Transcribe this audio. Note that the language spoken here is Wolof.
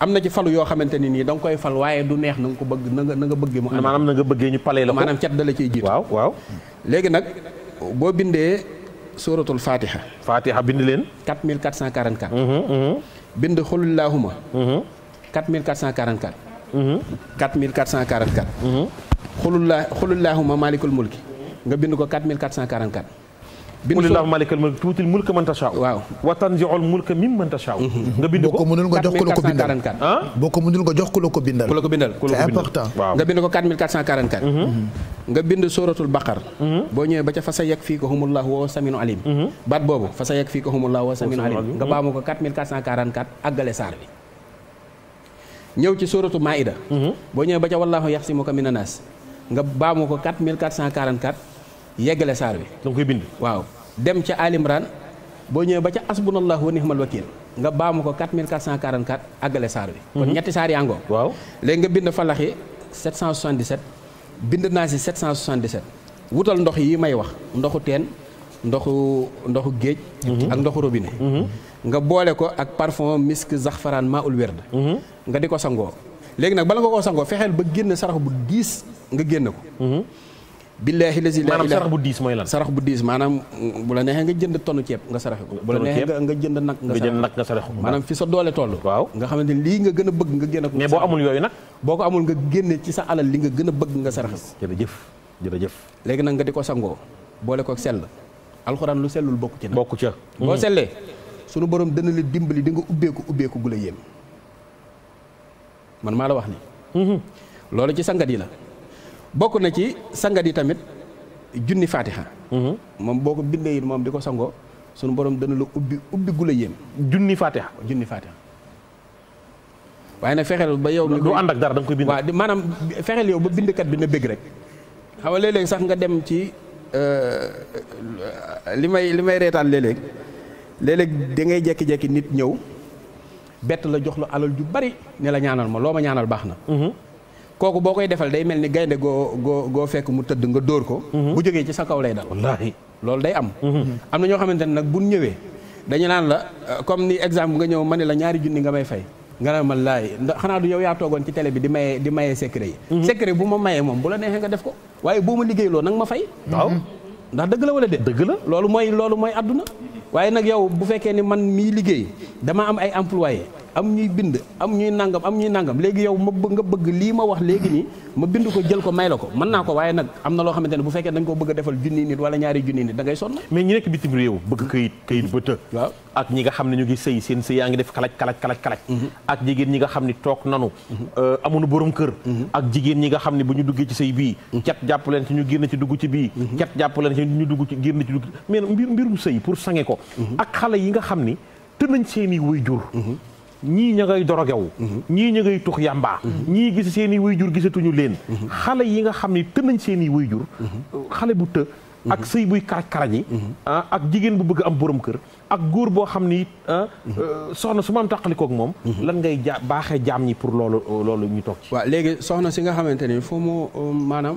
am na ci falu yoo xamante ni nii da nga koy fal waaye du neex na nga ko bëgg na nga na nga bëggee mu am maanaam na nga bëggee ñu palee la ko maanaam cat da la ciy jiitu waaw waaw léegi nag boo bindee suratul fatiha fatiha bind leen 4444 mhm, mhm. bind xulullaahuma 4444 4444 xulullaa xulullaahuma maalikul mulki nga bind ko 4444 bind qul illahumma malikal mulk tuutil mulka man tashaa waaw wa tanzi'ul mulka mimman tashaa mhm. nga bind ko boo ko mënul nga jox ku la ko bindal boo ko mënul nga jox ku la bindal ku bindal c'est important nga bind ko 4444 mhm. mhm. nga bind suratul baqar boo ñëwee ba ca fa sa yeg ko humullahu wa saminu alim bat boobu fa sa yeg ko humullahu wa saminu alim nga baamu ko 4444 àggale saar bi ñëw ci maida boo ñëwee ba ca wallahu yaxsimuka minan nas nga baamu ko 4444 yeggale saar bi da nga koy bind waaw dem ca alimran boo ñëwee ba ca asbunallahu wa nihmal wakil nga baamu ko 4444 àggale saar bi kon mhm. ñetti saar yaa ngoo waaw léegi nga bind falaxi 777 bind naa si 777 wutal ndox yi may wax ndoxu teen ndoxu ndoxu géej mhm. ak ndoxu robinet mhm. nga boole ko ak parfum misk zaxfaraan maaul werd nga di ko sangoo léegi nag bala nga koo sangoo fexeel ba génn sarax bu diis nga génn ko billahi lazi la maanaam sarax bu moy lan sarax bu manam bu la nexe nga jënd tonu ciép nga sarax ko bu la nexe nga jënd nak nga jënd nak nga sarax ko maanaam fi sa doole tollu waaw nga xamanteni li nga gëna bëgg nga génne ko mais bo amul yooyu nak boko amul nga gënne ci sa alal li nga gëna bëgg nga sarax ko jërëjëf jëf légui nak nga diko sango sangoo boole ko ak sel alcorane lu selul bokku ci nak bokku ci bo hmm. selé sunu borom dana la dimbali di nga ko ubbeeku ko gula yéem man maa la wax ni hmm lolu ci sangati la bokk na ci sangat yi tamit junni faatiha mhm. moom boo ko bindee it moom di ko sangoo sunu boroom dana la ubbi ubbi gula yéem junni faatiha junni faatiha waaye nag fexeel ba yow du ànd ak dara da nga koy bind waaw maanaam fexeel yow ba bindkat bi na bëgg rek xam nga sax nga dem ci euh, li may li may reetaan léeg-léeg dangay léeg jekki-jekki nit ñëw bett la jox la alal ju bari ne la ñaanal ma loo ma ñaanal baax na mhm. kooku boo koy defal day mel ni gaynde goo goo goo fekk mu tëdd nga dóor ko. Mhm. bu jógee ci sa kaw lay dal. wallaahi loolu day am. Mhm. am na ñoo xamante ne nag bu ñëwee dañu naan la euh, comme ni exemple nga ñëw ma ne la ñaari junni nga may fay. nga ne ma laay ndax xanaa du yow yaa toogoon ci télé bi di maye di maye secret yi. Mhm. bu ma mayee moom bu la neexee nga def ko waaye ma liggéeyloo nag ma fay. waaw ndax dëgg la wala de. dëgg la loolu mooy loolu mooy àdduna. waaye nag yow bu fekkee ni man miy liggéey dama am ay employé am ñuy bind am ñuy nangam am ñuy nangam léegi yow ma nga bëgg lii ma wax léegi nii ma bind ko jël ko may la ko mën naa ko waaye nag am na loo xamante ne bu fekkee dañ ko bëgg defal junni nit wala ñaari junni nit da ngay sonn mais ñi nekk bitim réew bëgg këyit këyit xam ne ñu ngi sëy seen sëy yaa ngi def kalaj kalaj kalaj kalaj mhm. ak jigéen ñi nga xam ne toog nanu mhm. euh, amuñu borom kër mhm. ak jigéen ñi nga xam ne bu ñu duggee ci sëy bii cat jàpp leen ñu génn ci dugg ci bii cat jàpp leen ñu dugg ci génn ci dugg mais mbir mbirum sëy pour sange ko ak xale yi nga xam ni te nañ seeni waajur ñii ña ngay dorogewu mhm. ñii ña ngay tux yàmbaa mhm. ñii gis seen i wayjur gisatuñu leen mhm. xale yi nga xam ne të nañ seen i wayjur xale bu të ak sëy buy karaj ah ak jigéen bu bëgg am borom kër ak góor boo xam ni ah, euh, soxna su ma am tàqalikoog moom lan ngay ja baaxee jaam ñi pour loolu loolu ñu toog ci waaw léegi soxna si nga xamante